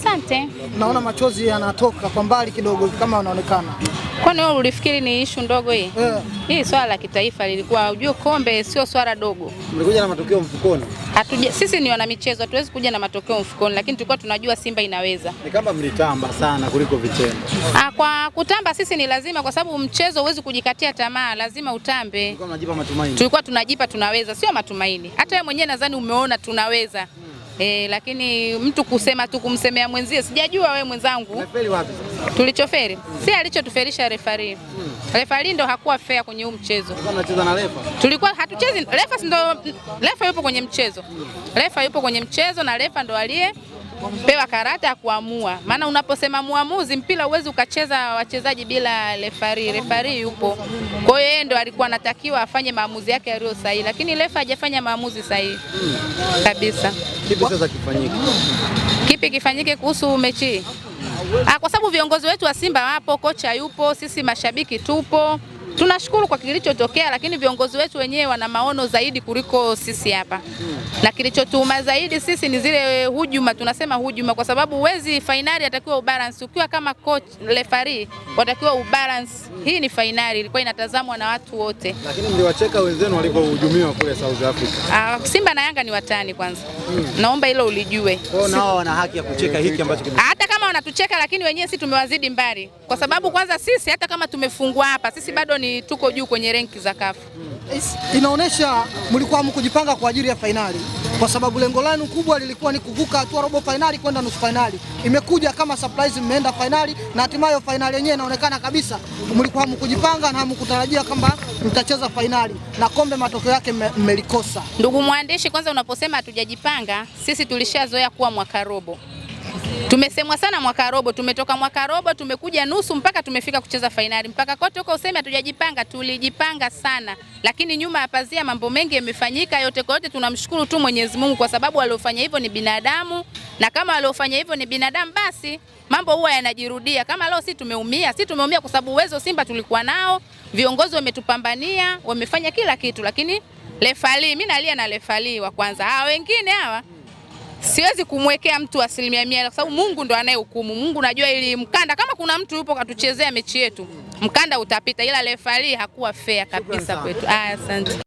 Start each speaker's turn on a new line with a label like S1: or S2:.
S1: Asante.
S2: Naona machozi yanatoka kwa mbali kidogo, kama unaonekana.
S1: Kwani wewe ulifikiri ni ishu ndogo hii? Yeah. Hii swala la kitaifa lilikuwa, ujue kombe sio swala dogo.
S2: Mlikuja na matokeo mfukoni?
S1: Hatuja, sisi ni wanamichezo, hatuwezi kuja na matokeo mfukoni, lakini tulikuwa tunajua Simba inaweza.
S2: Ni kama mlitamba sana kuliko vitendo.
S1: Ah, kwa kutamba sisi ni lazima, kwa sababu mchezo huwezi kujikatia tamaa, lazima utambe.
S2: Tulikuwa tunajipa matumaini, tulikuwa tunajipa tunaweza, sio matumaini.
S1: Hata wewe mwenyewe nadhani umeona tunaweza hmm e, lakini mtu kusema tu kumsemea mwenzie, sijajua we mwenzangu tulichoferi si alichotuferisha refari. Hmm. Refari ndo hakuwa fair kwenye huu mchezo.
S2: Anacheza na refa.
S1: Tulikuwa hatuchezi refa, ndo refa yupo kwenye mchezo. Hmm. Refa yupo kwenye mchezo na refa ndo aliye pewa karata ya kuamua, maana unaposema muamuzi mpira huwezi ukacheza wachezaji bila refari. Refari yupo, kwa hiyo yeye ndo alikuwa anatakiwa afanye maamuzi yake yaliyo sahihi, lakini refa hajafanya maamuzi sahihi kabisa.
S2: Kipi sasa kifanyike?
S1: Kipi kifanyike kuhusu mechi? Ah, kwa sababu viongozi wetu wa Simba wapo, kocha yupo, sisi mashabiki tupo Tunashukuru kwa kilichotokea, lakini viongozi wetu wenyewe wana maono zaidi kuliko sisi hapa, na kilichotuma zaidi sisi ni zile hujuma. Tunasema hujuma kwa sababu uwezi fainali, atakiwa ubalance. Ukiwa kama coach referee, watakiwa ubalance. Hii ni fainali, ilikuwa inatazamwa na watu wote,
S2: lakini mliwacheka wenzenu walipohujumiwa kule South Africa.
S1: Ah, Simba na Yanga ni watani kwanza, naomba hilo ulijue.
S2: Nao wana haki ya kucheka hiki ambacho
S1: wanatucheka, lakini wenyewe sisi tumewazidi mbali, kwa sababu kwanza sisi hata kama tumefungwa hapa, sisi bado ni tuko juu kwenye renki za kafu.
S2: Inaonyesha mlikuwa mkujipanga kwa ajili ya fainali, kwa sababu lengo lenu kubwa lilikuwa ni kuvuka hatua robo fainali kwenda nusu fainali. Imekuja kama surprise, mmeenda fainali na hatimaye fainali yenyewe inaonekana kabisa mlikuwa mkujipanga na mkutarajia kwamba mtacheza fainali na kombe matokeo yake mmelikosa.
S1: Ndugu mwandishi, kwanza unaposema hatujajipanga, sisi tulishazoea kuwa mwaka robo Tumesemwa sana mwaka robo, tumetoka mwaka robo, tumekuja nusu mpaka tumefika kucheza fainali. Mpaka kote huko useme hatujajipanga, tulijipanga sana, lakini nyuma ya pazia mambo mengi yamefanyika. Yote kwa yote tunamshukuru tu Mwenyezi Mungu kwa sababu waliofanya hivyo ni binadamu, na kama waliofanya hivyo ni binadamu, basi mambo huwa yanajirudia. Kama leo si tumeumia, si tumeumia kwa sababu uwezo Simba tulikuwa nao, viongozi wametupambania, wamefanya kila kitu, lakini lefali, mimi nalia na lefali wa kwanza, hawa wengine hawa siwezi kumwekea mtu asilimia mia, kwa sababu Mungu ndo anayehukumu. Mungu najua ili mkanda, kama kuna mtu yupo katuchezea mechi yetu, mkanda utapita, ila refari hakuwa fair kabisa kwetu. Aya, asante.